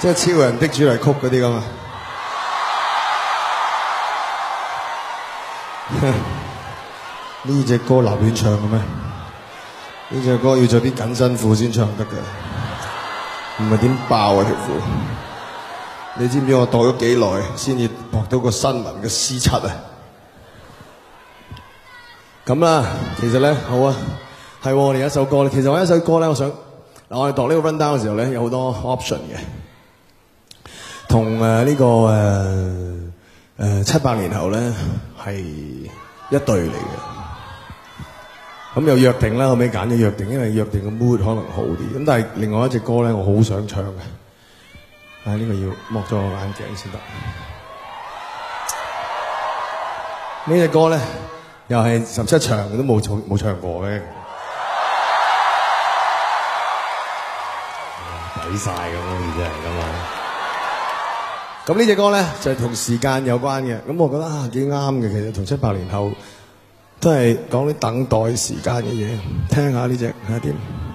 即係超人的主題曲嗰啲咁啊！呢隻歌立亂唱嘅咩？呢隻歌要着啲緊身褲先唱得嘅，唔係點爆啊條褲！你知唔知道我度咗幾耐先至搏到個新聞嘅 C 七啊？咁啦，其實咧好啊，係、哦、我哋一首歌咧。其實我一首歌咧，我想嗱，我哋度呢個 run down 嘅時候咧，有好多 option 嘅。同誒呢個誒誒七百年後咧係一對嚟嘅，咁又約定啦，後尾揀咗約定，因為約定嘅 mood 可能好啲。咁但係另外一隻歌咧，我好想唱嘅。啊，呢個要剝咗我眼鏡先得。呢隻歌咧，又係十七場都冇唱冇唱過嘅，睇曬咁樣，已經係咁啊！咁呢隻歌呢，就係、是、同時間有關嘅，咁我覺得啊幾啱嘅，其實同七八零後都係講啲等待時間嘅嘢，聽下呢隻，睇下點。